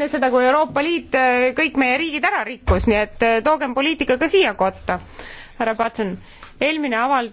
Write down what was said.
enne seda, kui Euroopa Liit äh, kõik meie riigid ära rikkus, nii et äh, toogem poliitika ka siia kotta. härra Patson, eelmine avaldus